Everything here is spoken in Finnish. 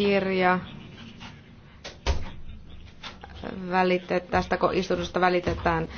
kirja välite, tästä istunnosta välitetään